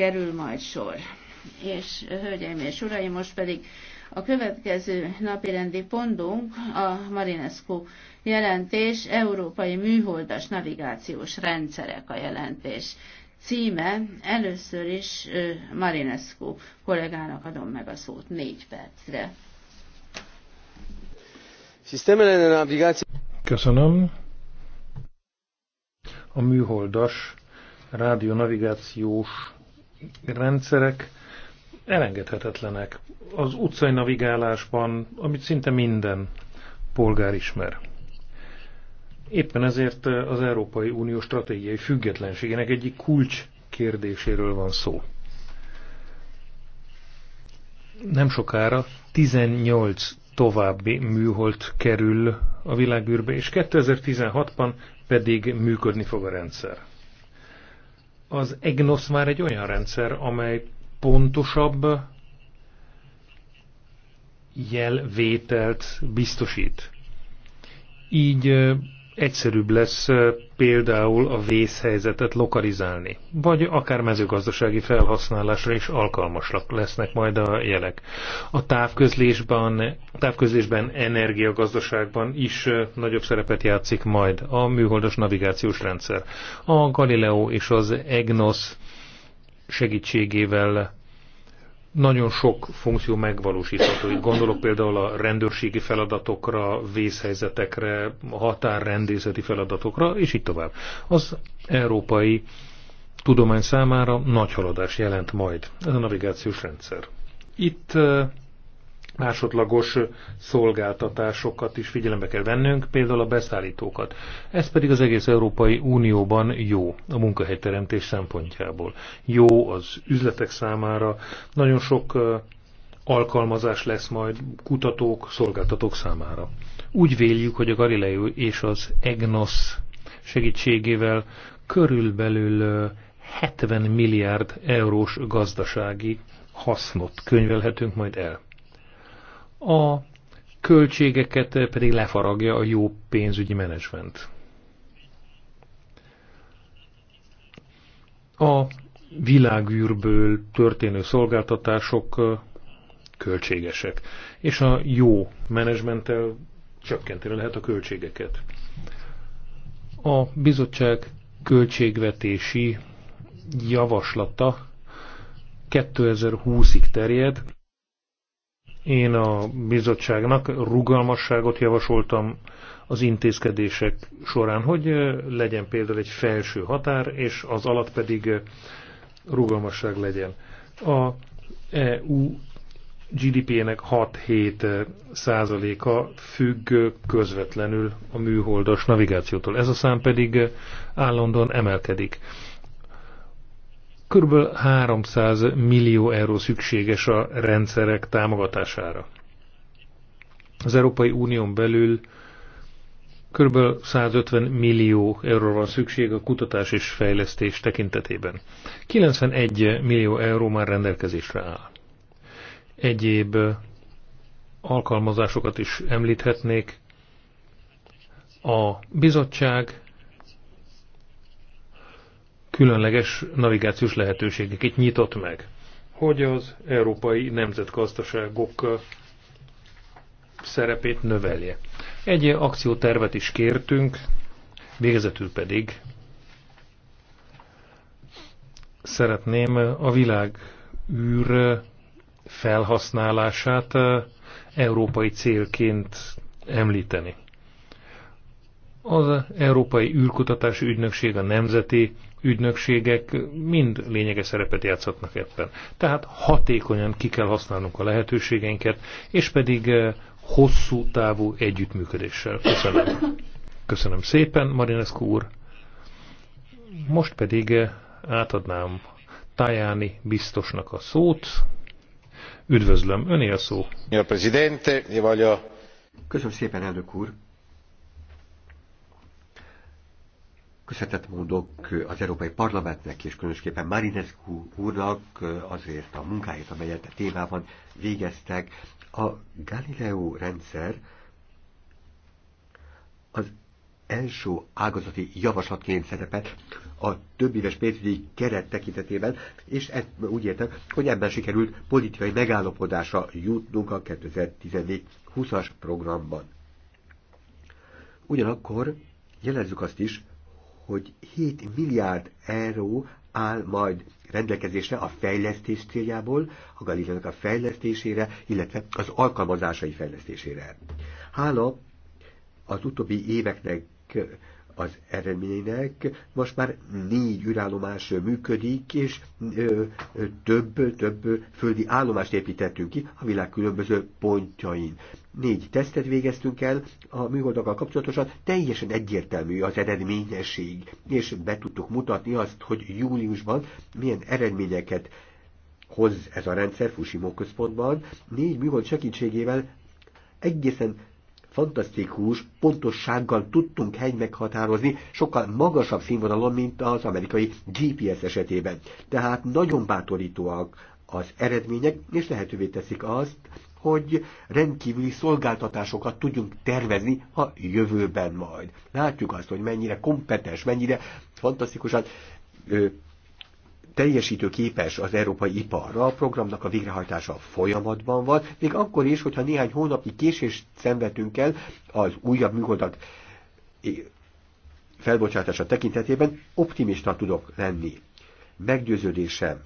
kerül majd sor. És hölgyeim és uraim, most pedig a következő napirendi pontunk a Marinescu jelentés, Európai Műholdas Navigációs Rendszerek a jelentés címe. Először is Marinescu kollégának adom meg a szót négy percre. Köszönöm. A műholdas rádionavigációs rendszerek elengedhetetlenek az utcai navigálásban, amit szinte minden polgár ismer. Éppen ezért az Európai Unió stratégiai függetlenségének egyik kulcs kérdéséről van szó. Nem sokára 18 további műhold kerül a világűrbe, és 2016-ban pedig működni fog a rendszer az EGNOS már egy olyan rendszer, amely pontosabb jelvételt biztosít. Így egyszerűbb lesz például a vészhelyzetet lokalizálni, vagy akár mezőgazdasági felhasználásra is alkalmasak lesznek majd a jelek. A távközlésben, távközlésben energiagazdaságban is nagyobb szerepet játszik majd a műholdas navigációs rendszer. A Galileo és az EGNOS segítségével nagyon sok funkció megvalósítható. Itt gondolok például a rendőrségi feladatokra, vészhelyzetekre, határrendészeti feladatokra, és így tovább. Az európai tudomány számára nagy haladás jelent majd ez a navigációs rendszer. Itt eh, másodlagos szolgáltatásokat is figyelembe kell vennünk, például a beszállítókat. Ez pedig az egész Európai Unióban jó a munkahelyteremtés szempontjából. Jó az üzletek számára, nagyon sok alkalmazás lesz majd kutatók, szolgáltatók számára. Úgy véljük, hogy a Galileo és az EGNOS segítségével körülbelül 70 milliárd eurós gazdasági hasznot könyvelhetünk majd el a költségeket pedig lefaragja a jó pénzügyi menedzsment. A világűrből történő szolgáltatások költségesek, és a jó menedzsmenttel csökkenteni lehet a költségeket. A bizottság költségvetési javaslata 2020-ig terjed, én a bizottságnak rugalmasságot javasoltam az intézkedések során, hogy legyen például egy felső határ, és az alatt pedig rugalmasság legyen. A EU GDP-nek 6-7 százaléka függ közvetlenül a műholdas navigációtól. Ez a szám pedig állandóan emelkedik. Körülbelül 300 millió euró szükséges a rendszerek támogatására. Az Európai Unión belül körülbelül 150 millió euró van szükség a kutatás és fejlesztés tekintetében. 91 millió euró már rendelkezésre áll. Egyéb alkalmazásokat is említhetnék. A bizottság különleges navigációs lehetőségeket nyitott meg, hogy az európai nemzetgazdaságok szerepét növelje. Egy akciótervet is kértünk, végezetül pedig szeretném a világ űr felhasználását európai célként említeni. Az Európai űrkutatási ügynökség, a nemzeti ügynökségek mind lényeges szerepet játszhatnak ebben. Tehát hatékonyan ki kell használnunk a lehetőségeinket, és pedig eh, hosszú távú együttműködéssel. Köszönöm. Köszönöm szépen, Marinescu úr. Most pedig eh, átadnám Tajani biztosnak a szót. Üdvözlöm, öné a szó. Köszönöm szépen, elnök úr. Köszönetet mondok az Európai Parlamentnek és különösképpen Marinescu úrnak azért a munkáját, amelyet a témában végeztek. A Galileo rendszer az első ágazati javaslatként szerepet a több éves pénzügyi keret tekintetében, és ezt úgy értem, hogy ebben sikerült politikai megállapodásra jutnunk a 2014-20-as programban. Ugyanakkor jelezzük azt is, hogy 7 milliárd euró áll majd rendelkezésre a fejlesztés céljából, a Galileónak a fejlesztésére, illetve az alkalmazásai fejlesztésére. Hála az utóbbi éveknek az eredményének. Most már négy űrállomás működik, és több-több földi állomást építettünk ki a világ különböző pontjain. Négy tesztet végeztünk el a műholdakkal kapcsolatosan, teljesen egyértelmű az eredményesség, és be tudtuk mutatni azt, hogy júliusban milyen eredményeket hoz ez a rendszer Fushimo központban, négy műhold segítségével egészen fantasztikus pontossággal tudtunk hely meghatározni, sokkal magasabb színvonalon, mint az amerikai GPS esetében. Tehát nagyon bátorítóak az eredmények, és lehetővé teszik azt, hogy rendkívüli szolgáltatásokat tudjunk tervezni a jövőben majd. Látjuk azt, hogy mennyire kompetens, mennyire fantasztikusan teljesítő képes az európai iparra, a programnak a végrehajtása folyamatban van, még akkor is, hogyha néhány hónapnyi késést szenvedünk el az újabb műholdak felbocsátása tekintetében, optimista tudok lenni. Meggyőződésem,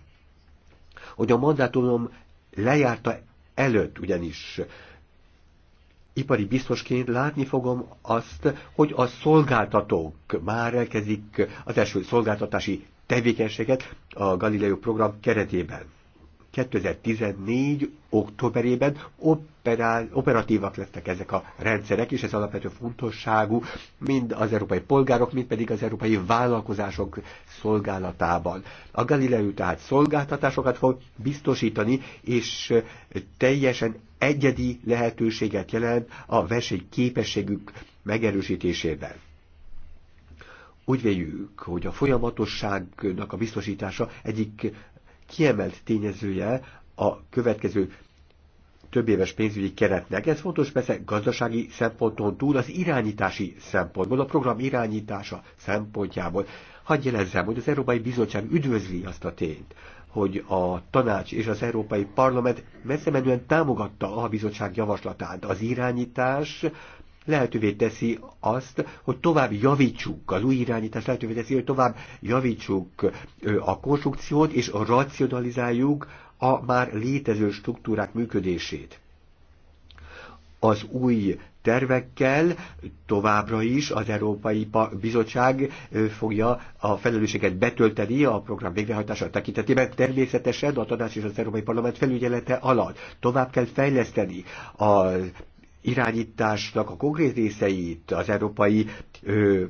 hogy a mandátumom lejárta előtt ugyanis ipari biztosként látni fogom azt, hogy a szolgáltatók már elkezdik az első szolgáltatási tevékenységet a Galileo program keretében. 2014. októberében operál, operatívak lettek ezek a rendszerek, és ez alapvető fontosságú mind az európai polgárok, mind pedig az európai vállalkozások szolgálatában. A Galileo tehát szolgáltatásokat fog biztosítani, és teljesen egyedi lehetőséget jelent a verseny képességük megerősítésében. Úgy véljük, hogy a folyamatosságnak a biztosítása egyik kiemelt tényezője a következő több éves pénzügyi keretnek. Ez fontos persze gazdasági szemponton túl az irányítási szempontból, a program irányítása szempontjából. Hadd jelezzem, hogy az Európai Bizottság üdvözli azt a tényt, hogy a tanács és az Európai Parlament messze menően támogatta a bizottság javaslatát. Az irányítás lehetővé teszi azt, hogy tovább javítsuk, az új irányítás lehetővé teszi, hogy tovább javítsuk a konstrukciót és racionalizáljuk a már létező struktúrák működését. Az új tervekkel továbbra is az Európai Bizottság fogja a felelősséget betölteni a program végrehajtása tekintetében, természetesen a Tanács és az Európai Parlament felügyelete alatt. Tovább kell fejleszteni a irányításnak a konkrét részeit az európai ö,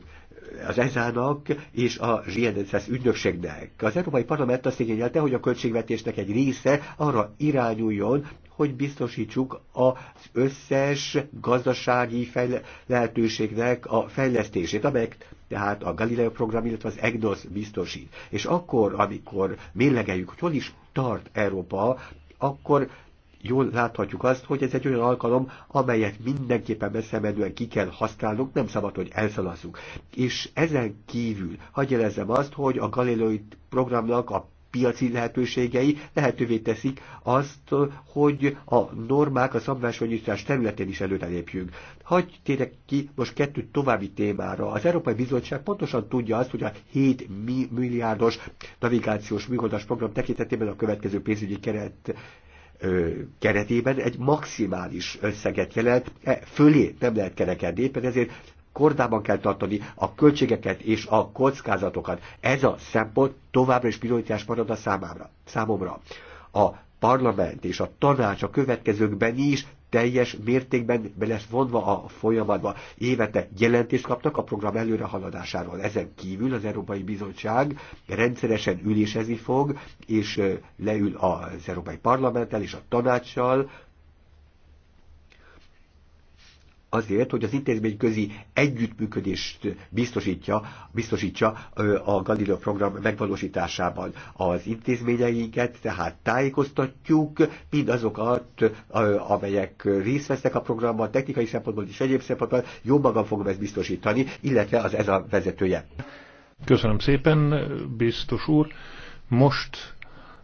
az ezának és a GNSS ügynökségnek. Az Európai Parlament azt igényelte, hogy a költségvetésnek egy része arra irányuljon, hogy biztosítsuk az összes gazdasági lehetőségnek a fejlesztését, amelyek tehát a Galileo program, illetve az EGNOS biztosít. És akkor, amikor mérlegeljük, hogy hol is tart Európa, akkor jól láthatjuk azt, hogy ez egy olyan alkalom, amelyet mindenképpen messzemenően ki kell használnunk, nem szabad, hogy elszalazzunk. És ezen kívül hagyjelezzem azt, hogy a Galileo programnak a piaci lehetőségei lehetővé teszik azt, hogy a normák a szabványosítás területén is előrelépjünk. Hagy térek ki most kettő további témára. Az Európai Bizottság pontosan tudja azt, hogy a 7 milliárdos navigációs műholdas program tekintetében a következő pénzügyi keret keretében egy maximális összeget jelent, e, fölé nem lehet kerekedni, éppen ezért kordában kell tartani a költségeket és a kockázatokat. Ez a szempont továbbra is prioritás marad a számára, számomra. A parlament és a tanács a következőkben is teljes mértékben be lesz vonva a folyamatba. Évente jelentést kaptak a program előrehaladásáról. Ezen kívül az Európai Bizottság rendszeresen ülésezni fog, és leül az Európai Parlamenttel és a tanácssal, azért, hogy az intézményközi együttműködést biztosítja, biztosítsa a Galileo program megvalósításában. Az intézményeinket tehát tájékoztatjuk, mindazokat, amelyek részt vesznek a programban, technikai szempontból és egyéb szempontból, jó magam fogom ezt biztosítani, illetve az ez a vezetője. Köszönöm szépen, biztos úr. Most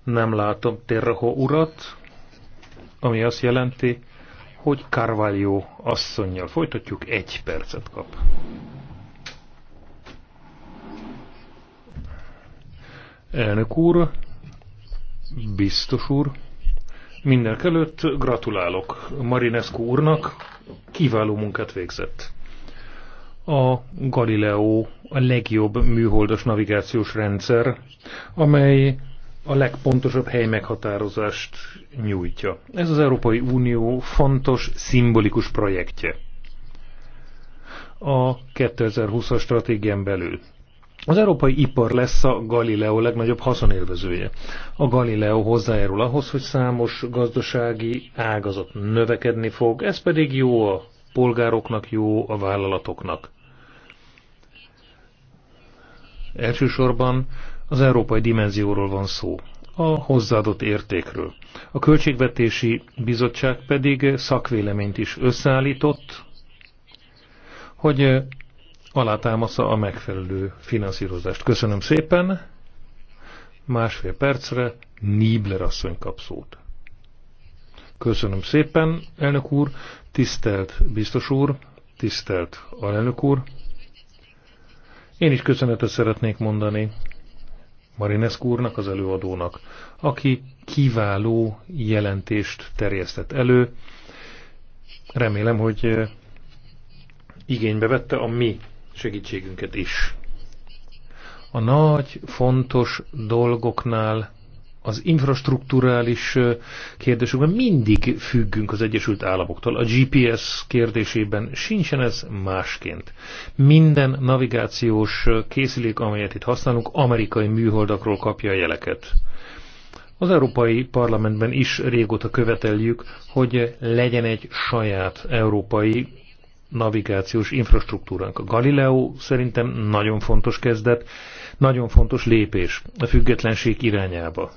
nem látom Terraho urat, ami azt jelenti, hogy Carvalho asszonynal folytatjuk, egy percet kap. Elnök úr, biztos úr, mindenek előtt gratulálok Marinescu úrnak, kiváló munkát végzett. A Galileo a legjobb műholdas navigációs rendszer, amely a legpontosabb hely meghatározást nyújtja. Ez az Európai Unió fontos, szimbolikus projektje a 2020-as stratégián belül. Az európai ipar lesz a Galileo legnagyobb haszonélvezője. A Galileo hozzájárul ahhoz, hogy számos gazdasági ágazat növekedni fog, ez pedig jó a polgároknak, jó a vállalatoknak. Elsősorban az európai dimenzióról van szó, a hozzáadott értékről. A Költségvetési Bizottság pedig szakvéleményt is összeállított, hogy alátámasza a megfelelő finanszírozást. Köszönöm szépen. Másfél percre Nibler asszony kap szót. Köszönöm szépen, elnök úr, tisztelt biztos úr, tisztelt alelnök úr. Én is köszönetet szeretnék mondani Marinescu úrnak, az előadónak, aki kiváló jelentést terjesztett elő. Remélem, hogy eh, igénybe vette a mi segítségünket is. A nagy, fontos dolgoknál az infrastruktúrális kérdésekben mindig függünk az Egyesült Államoktól. A GPS kérdésében sincsen ez másként. Minden navigációs készülék, amelyet itt használunk, amerikai műholdakról kapja a jeleket. Az Európai Parlamentben is régóta követeljük, hogy legyen egy saját európai navigációs infrastruktúránk. A Galileo szerintem nagyon fontos kezdet, nagyon fontos lépés a függetlenség irányába.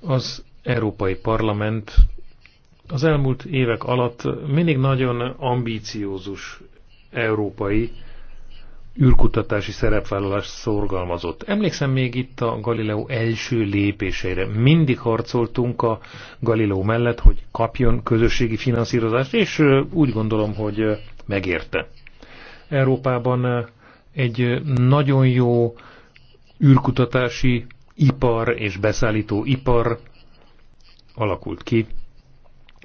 Az Európai Parlament az elmúlt évek alatt mindig nagyon ambíciózus európai űrkutatási szerepvállalást szorgalmazott. Emlékszem még itt a Galileo első lépéseire. Mindig harcoltunk a Galileo mellett, hogy kapjon közösségi finanszírozást, és úgy gondolom, hogy megérte. Európában egy nagyon jó űrkutatási ipar és beszállító ipar alakult ki.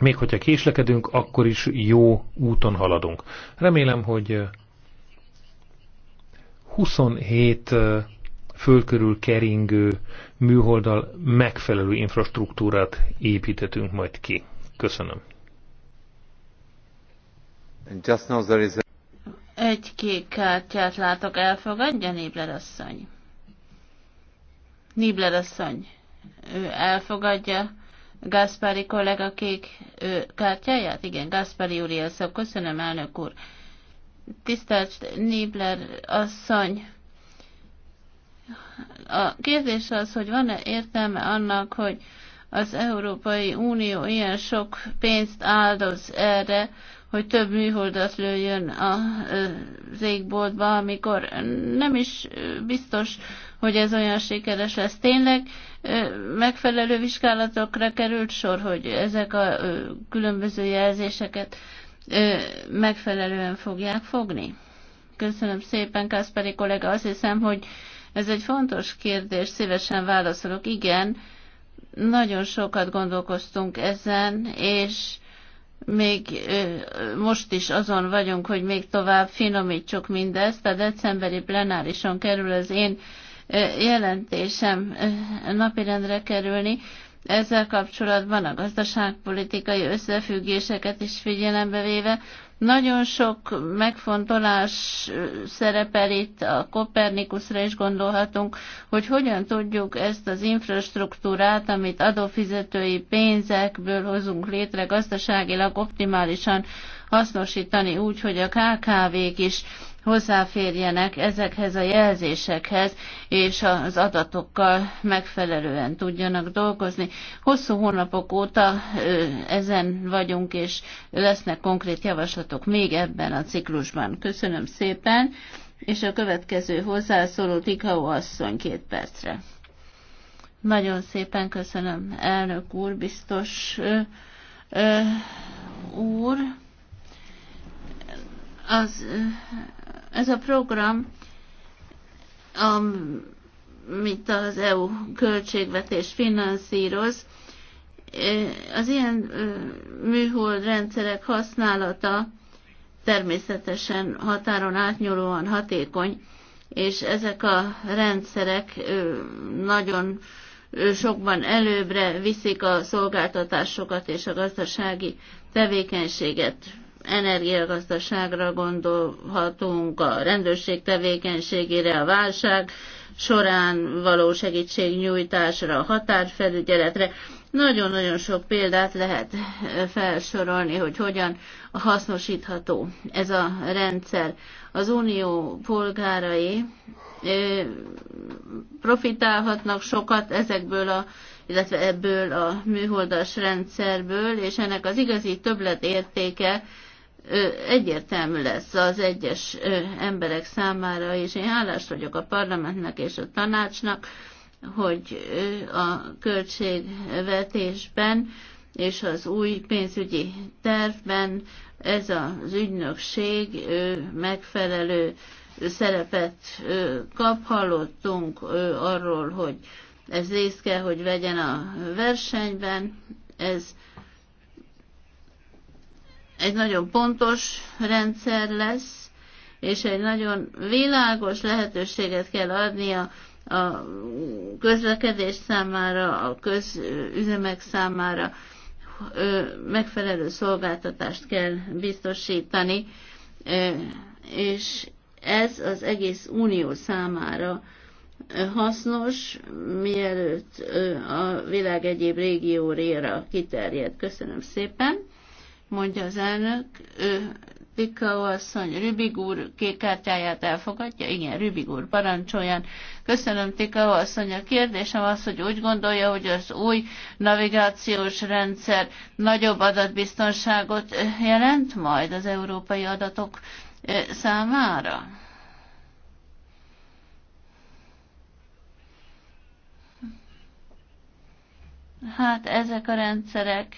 Még hogyha késlekedünk, akkor is jó úton haladunk. Remélem, hogy 27 fölkörül keringő műholdal megfelelő infrastruktúrát építetünk majd ki. Köszönöm. Egy kék kártyát látok, elfogadja Nébler asszony? Nibler asszony, ő elfogadja Gaspari kollega kék ő, kártyáját? Igen, Gaspari úr ilyen Köszönöm, elnök úr. Tisztelt Nibler asszony, a kérdés az, hogy van-e értelme annak, hogy az Európai Unió ilyen sok pénzt áldoz erre, hogy több műholdat lőjön a zégboltba, amikor nem is biztos, hogy ez olyan sikeres lesz. Tényleg megfelelő vizsgálatokra került sor, hogy ezek a különböző jelzéseket megfelelően fogják fogni? Köszönöm szépen, Kászperi kollega. Azt hiszem, hogy ez egy fontos kérdés, szívesen válaszolok. Igen, nagyon sokat gondolkoztunk ezen, és még most is azon vagyunk, hogy még tovább finomítsuk mindezt. A decemberi plenárison kerül az én jelentésem napirendre kerülni. Ezzel kapcsolatban a gazdaságpolitikai összefüggéseket is figyelembe véve nagyon sok megfontolás szerepel itt, a Kopernikusra is gondolhatunk, hogy hogyan tudjuk ezt az infrastruktúrát, amit adófizetői pénzekből hozunk létre gazdaságilag optimálisan hasznosítani úgy, hogy a KKV-k is hozzáférjenek ezekhez a jelzésekhez, és az adatokkal megfelelően tudjanak dolgozni. Hosszú hónapok óta ezen vagyunk, és lesznek konkrét javaslatok még ebben a ciklusban. Köszönöm szépen, és a következő hozzászóló Tikau asszony két percre. Nagyon szépen köszönöm, elnök úr, biztos ö, ö, úr. Az, ez a program, amit az EU költségvetés finanszíroz, az ilyen műhold rendszerek használata természetesen határon átnyúlóan hatékony, és ezek a rendszerek nagyon sokban előbbre viszik a szolgáltatásokat és a gazdasági tevékenységet energiagazdaságra gondolhatunk, a rendőrség tevékenységére, a válság során való segítségnyújtásra, a határfelügyeletre. Nagyon-nagyon sok példát lehet felsorolni, hogy hogyan hasznosítható ez a rendszer. Az unió polgárai profitálhatnak sokat ezekből a illetve ebből a műholdas rendszerből, és ennek az igazi többletértéke egyértelmű lesz az egyes emberek számára, és én hálás vagyok a parlamentnek és a tanácsnak, hogy a költségvetésben és az új pénzügyi tervben ez az ügynökség megfelelő szerepet kap. Hallottunk arról, hogy ez részt kell, hogy vegyen a versenyben. Ez egy nagyon pontos rendszer lesz, és egy nagyon világos lehetőséget kell adnia a közlekedés számára, a közüzemek számára megfelelő szolgáltatást kell biztosítani, és ez az egész unió számára hasznos, mielőtt a világ egyéb régióra kiterjed. Köszönöm szépen! mondja az elnök. Ő, Pikau asszony, Rübig úr kékártyáját elfogadja? Igen, Rübig úr, parancsoljon. Köszönöm, Tikau asszony. A kérdésem az, hogy úgy gondolja, hogy az új navigációs rendszer nagyobb adatbiztonságot jelent majd az európai adatok számára? Hát ezek a rendszerek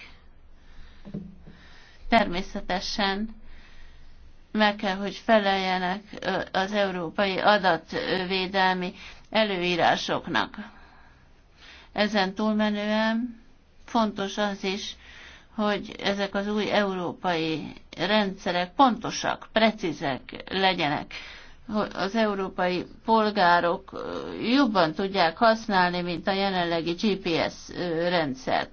természetesen meg kell, hogy feleljenek az európai adatvédelmi előírásoknak. Ezen túlmenően fontos az is, hogy ezek az új európai rendszerek pontosak, precízek legyenek, hogy az európai polgárok jobban tudják használni, mint a jelenlegi GPS rendszert.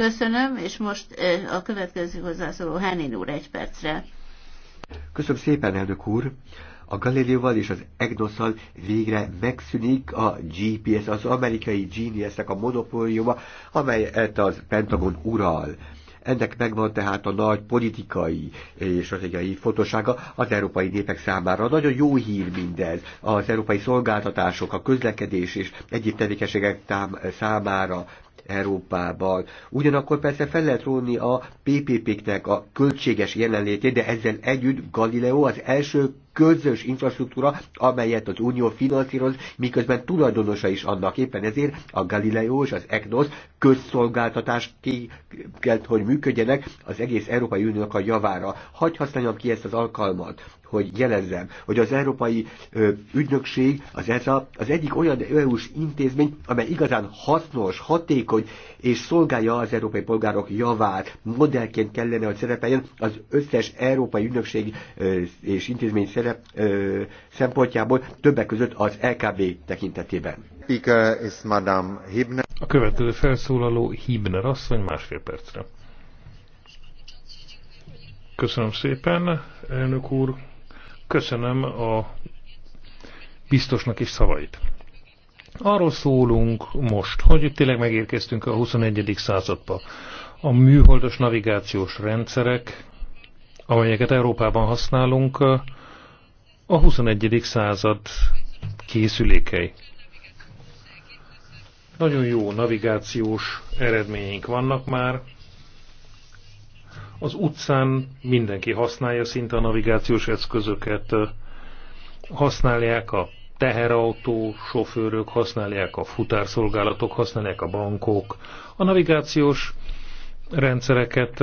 Köszönöm, és most a következő hozzászóló Henin úr egy percre. Köszönöm szépen, elnök úr! A Galileóval és az Egnoszal végre megszűnik a GPS, az amerikai gps e nek a monopóliuma, amelyet az Pentagon ural. Ennek megvan tehát a nagy politikai és stratégiai fontossága az európai népek számára. Nagyon jó hír mindez az európai szolgáltatások, a közlekedés és egyéb tevékenységek számára Európával. Ugyanakkor persze fel lehet róni a PPP-knek a költséges jelenlétét, de ezzel együtt Galileo az első közös infrastruktúra, amelyet az Unió finanszíroz, miközben tulajdonosa is annak. Éppen ezért a Galileo és az EGNOS közszolgáltatás ki kell, hogy működjenek az egész Európai Uniónak a javára. Hagy használjam ki ezt az alkalmat hogy jelezzem, hogy az Európai Ügynökség, az ESA az egyik olyan EU-s intézmény, amely igazán hasznos, hatékony és szolgálja az európai polgárok javát. Modellként kellene, hogy szerepeljen az összes európai ügynökség és intézmény szerep szempontjából, többek között az LKB e tekintetében. A következő felszólaló Hibner asszony másfél percre. Köszönöm szépen, elnök úr, Köszönöm a biztosnak is szavait. Arról szólunk most, hogy tényleg megérkeztünk a 21. századba. A műholdos navigációs rendszerek, amelyeket Európában használunk, a 21. század készülékei. Nagyon jó navigációs eredményeink vannak már, az utcán mindenki használja szinte a navigációs eszközöket, használják a teherautó, sofőrök, használják a futárszolgálatok, használják a bankok. A navigációs rendszereket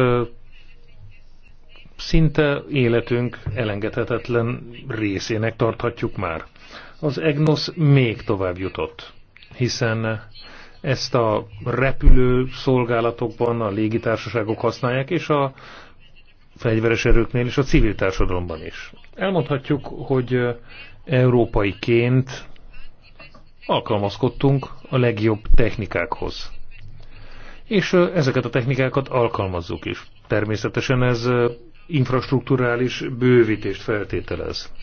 szinte életünk elengedhetetlen részének tarthatjuk már. Az EGNOS még tovább jutott, hiszen ezt a repülő szolgálatokban a légitársaságok használják, és a fegyveres erőknél és a civil társadalomban is. Elmondhatjuk, hogy európaiként alkalmazkodtunk a legjobb technikákhoz. És ezeket a technikákat alkalmazzuk is. Természetesen ez infrastruktúrális bővítést feltételez.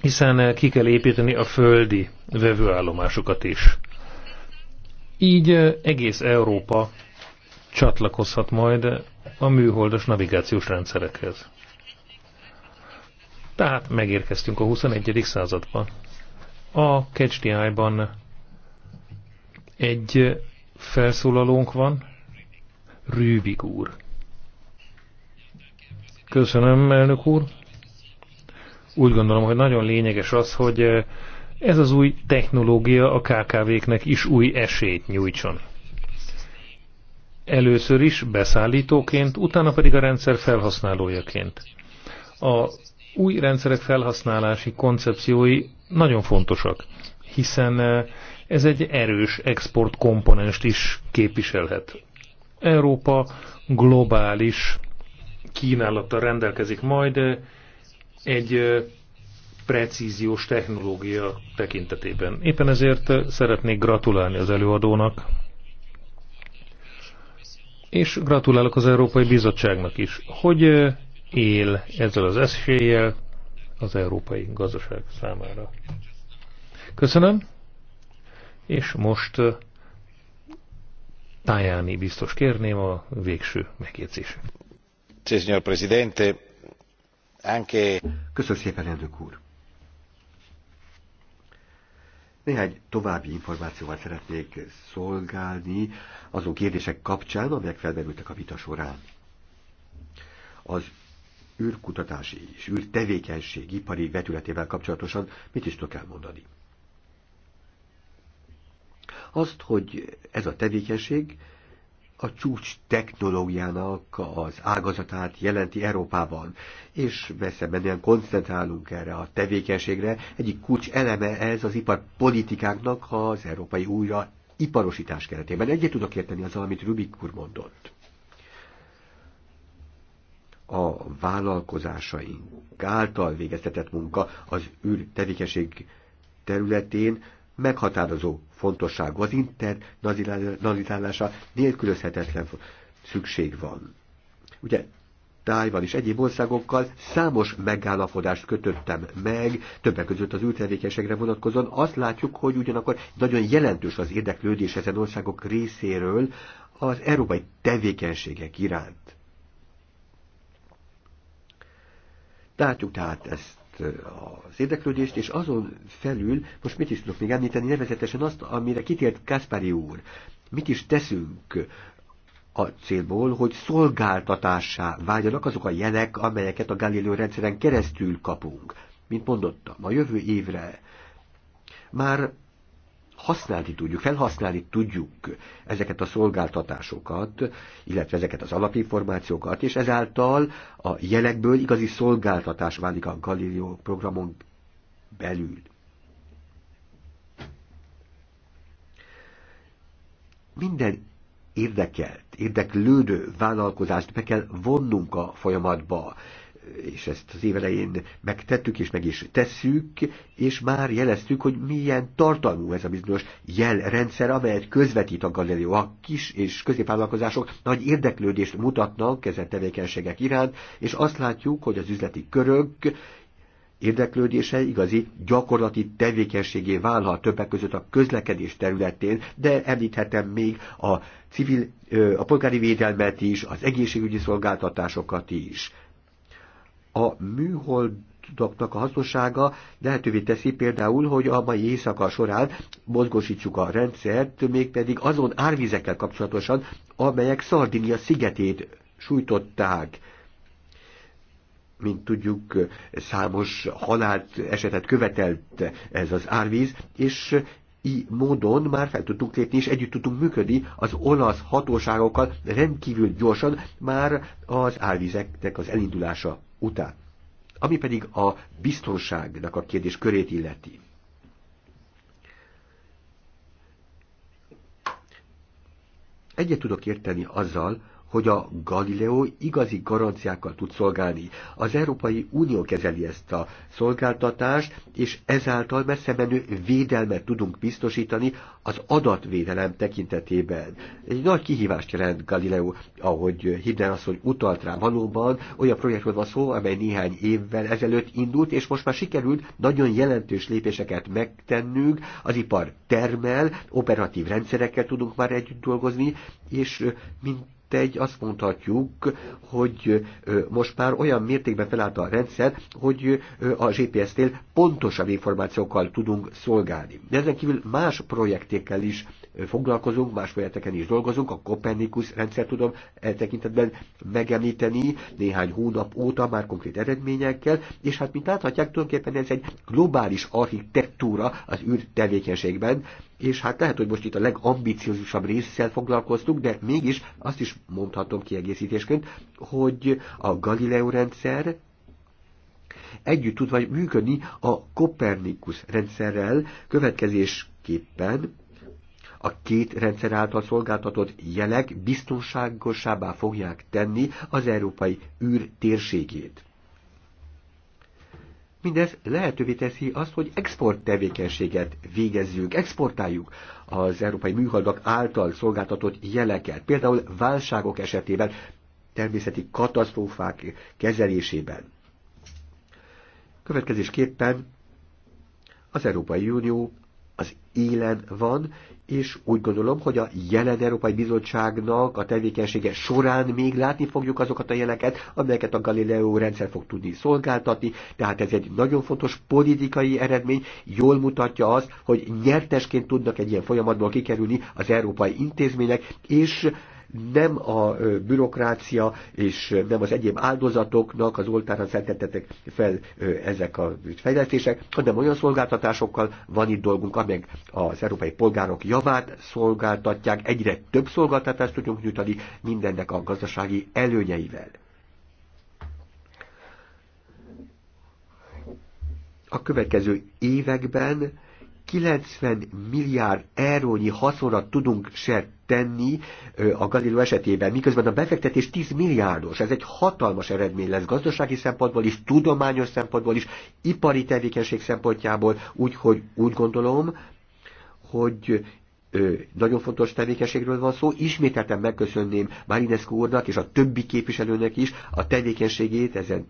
Hiszen ki kell építeni a földi vevőállomásokat is. Így egész Európa csatlakozhat majd a műholdas navigációs rendszerekhez. Tehát megérkeztünk a 21. századba. A KCDI-ban egy felszólalónk van, Rübig úr. Köszönöm, elnök úr. Úgy gondolom, hogy nagyon lényeges az, hogy ez az új technológia a KKV-knek is új esélyt nyújtson. Először is beszállítóként, utána pedig a rendszer felhasználójaként. A új rendszerek felhasználási koncepciói nagyon fontosak, hiszen eh, ez egy erős export komponenst is képviselhet. Európa globális kínálattal rendelkezik majd eh, egy eh, precíziós technológia tekintetében. Éppen ezért eh, szeretnék gratulálni az előadónak, és gratulálok az Európai Bizottságnak is, hogy eh, él ezzel az eséllyel az európai gazdaság számára. Köszönöm, és most eh, Tajani biztos kérném a végső megjegyzését. Köszönöm szépen, elnök úr! Néhány további információval szeretnék szolgálni azon kérdések kapcsán, amelyek felmerültek a vita során. Az űrkutatási és űrtevékenység ipari vetületével kapcsolatosan mit is tudok elmondani? Azt, hogy ez a tevékenység a csúcs technológiának az ágazatát jelenti Európában, és messze menően koncentrálunk erre a tevékenységre. Egyik kulcs eleme ez az iparpolitikáknak az európai újra iparosítás keretében. Egyet tudok érteni az amit Rubik úr mondott. A vállalkozásaink által végeztetett munka az űr tevékenység területén meghatározó fontosság Az internalizálása nélkülözhetetlen szükség van. Ugye Tájval és egyéb országokkal számos megállapodást kötöttem meg, többek között az ültevékenységre vonatkozóan. Azt látjuk, hogy ugyanakkor nagyon jelentős az érdeklődés ezen országok részéről az európai tevékenységek iránt. Látjuk tehát ezt az érdeklődést, és azon felül most mit is tudok még említeni, nevezetesen azt, amire kitért Kászpári úr. Mit is teszünk a célból, hogy szolgáltatássá váljanak azok a jelek, amelyeket a Galileo rendszeren keresztül kapunk. Mint mondottam, a jövő évre már használni tudjuk, felhasználni tudjuk ezeket a szolgáltatásokat, illetve ezeket az alapinformációkat, és ezáltal a jelekből igazi szolgáltatás válik a Galileo programon belül. Minden érdekelt, érdeklődő vállalkozást be kell vonnunk a folyamatba és ezt az évelején megtettük, és meg is tesszük, és már jeleztük, hogy milyen tartalmú ez a bizonyos jelrendszer, amelyet közvetít a Galileo. A kis és középvállalkozások nagy érdeklődést mutatnak ezen tevékenységek iránt, és azt látjuk, hogy az üzleti körök érdeklődése igazi gyakorlati tevékenységé válhat többek között a közlekedés területén, de említhetem még a civil, a polgári védelmet is, az egészségügyi szolgáltatásokat is a műholdaknak a hasznossága lehetővé teszi például, hogy a mai éjszaka során mozgósítsuk a rendszert, mégpedig azon árvizekkel kapcsolatosan, amelyek Szardinia szigetét sújtották mint tudjuk, számos halált esetet követelt ez az árvíz, és így módon már fel tudtunk lépni, és együtt tudtunk működni az olasz hatóságokkal rendkívül gyorsan már az árvizeknek az elindulása után. Ami pedig a biztonságnak a kérdés körét illeti. Egyet tudok érteni azzal, hogy a Galileo igazi garanciákkal tud szolgálni. Az Európai Unió kezeli ezt a szolgáltatást, és ezáltal messze menő védelmet tudunk biztosítani az adatvédelem tekintetében. Egy nagy kihívást jelent Galileo, ahogy Hibner hogy utalt rá valóban, olyan projektről van szó, amely néhány évvel ezelőtt indult, és most már sikerült nagyon jelentős lépéseket megtennünk, az ipar termel, operatív rendszerekkel tudunk már együtt dolgozni, és mint egy, azt mondhatjuk, hogy most már olyan mértékben felállt a rendszer, hogy a GPS-nél pontosabb információkkal tudunk szolgálni. De ezen kívül más projektékkel is foglalkozunk, más projekteken is dolgozunk, a Kopernikus rendszer tudom e tekintetben megemlíteni néhány hónap óta már konkrét eredményekkel, és hát mint láthatják, tulajdonképpen ez egy globális architektúra az űr tevékenységben, és hát lehet, hogy most itt a legambiciózusabb résszel foglalkoztunk, de mégis azt is mondhatom kiegészítésként, hogy a Galileo rendszer együtt tud vagy működni a Kopernikus rendszerrel következésképpen a két rendszer által szolgáltatott jelek biztonságosabbá fogják tenni az európai űr térségét. Mindez lehetővé teszi azt, hogy export tevékenységet végezzünk, exportáljuk az európai műholdak által szolgáltatott jeleket, például válságok esetében, természeti katasztrófák kezelésében. Következésképpen az Európai Unió az élen van, és úgy gondolom, hogy a jelen Európai Bizottságnak a tevékenysége során még látni fogjuk azokat a jeleket, amelyeket a Galileo rendszer fog tudni szolgáltatni, tehát ez egy nagyon fontos politikai eredmény, jól mutatja azt, hogy nyertesként tudnak egy ilyen folyamatból kikerülni az európai intézmények, és nem a bürokrácia és nem az egyéb áldozatoknak az oltára szenteltetek fel ezek a fejlesztések, hanem olyan szolgáltatásokkal van itt dolgunk, amelyek az európai polgárok javát szolgáltatják, egyre több szolgáltatást tudjunk nyújtani mindennek a gazdasági előnyeivel. A következő években 90 milliárd eurónyi haszonra tudunk se tenni a Galileo esetében, miközben a befektetés 10 milliárdos. Ez egy hatalmas eredmény lesz gazdasági szempontból is, tudományos szempontból is, ipari tevékenység szempontjából, úgyhogy úgy gondolom, hogy nagyon fontos tevékenységről van szó. Ismételten megköszönném Marinescu úrnak és a többi képviselőnek is a tevékenységét ezen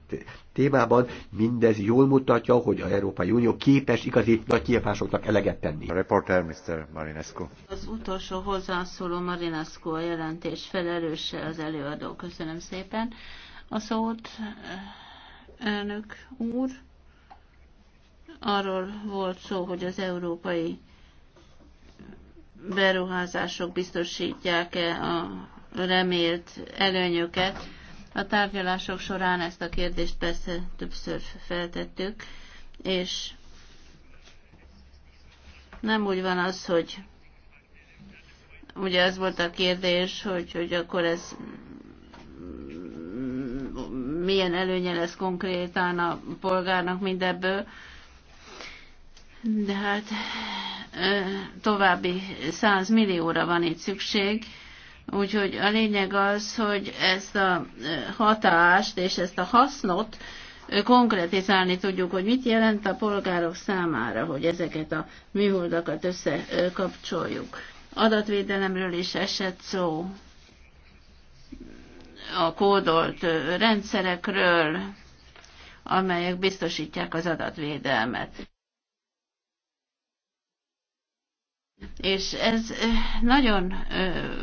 témában. Mindez jól mutatja, hogy a Európai Unió képes igazi nagy kihívásoknak eleget tenni. A reporter Mr. Marinescu. Az utolsó hozzászóló Marinescu a jelentés felelőse az előadó. Köszönöm szépen a szót, eh, elnök úr. Arról volt szó, hogy az európai beruházások biztosítják-e a remélt előnyöket. A tárgyalások során ezt a kérdést persze többször feltettük, és nem úgy van az, hogy ugye az volt a kérdés, hogy, hogy akkor ez milyen előnye lesz konkrétan a polgárnak mindebből, de hát további 100 millióra van itt szükség, úgyhogy a lényeg az, hogy ezt a hatást és ezt a hasznot konkretizálni tudjuk, hogy mit jelent a polgárok számára, hogy ezeket a műholdakat összekapcsoljuk. Adatvédelemről is esett szó, a kódolt rendszerekről, amelyek biztosítják az adatvédelmet. És ez nagyon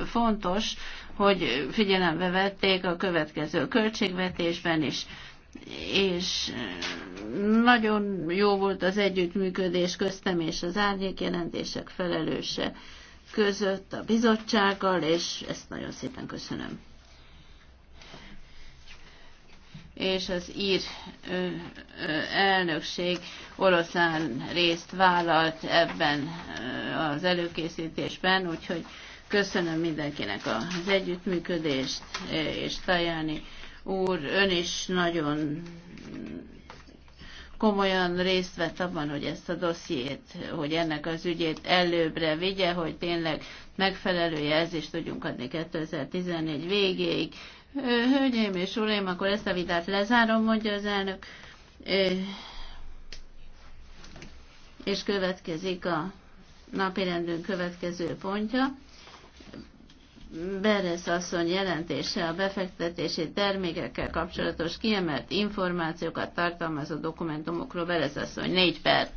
fontos, hogy figyelembe vették a következő költségvetésben is és nagyon jó volt az együttműködés köztem és az árnyékjelentések felelőse között a bizottsággal, és ezt nagyon szépen köszönöm. és az ír elnökség oroszán részt vállalt ebben az előkészítésben, úgyhogy köszönöm mindenkinek az együttműködést, és Tajáni úr, ön is nagyon komolyan részt vett abban, hogy ezt a dossziét, hogy ennek az ügyét előbbre vigye, hogy tényleg megfelelő jelzést tudjunk adni 2014 végéig, Hölgyeim és uraim, akkor ezt a vitát lezárom, mondja az elnök. És következik a napirendünk következő pontja. Beres asszony jelentése a befektetési termékekkel kapcsolatos kiemelt információkat tartalmazó dokumentumokról. Beres asszony, négy perc.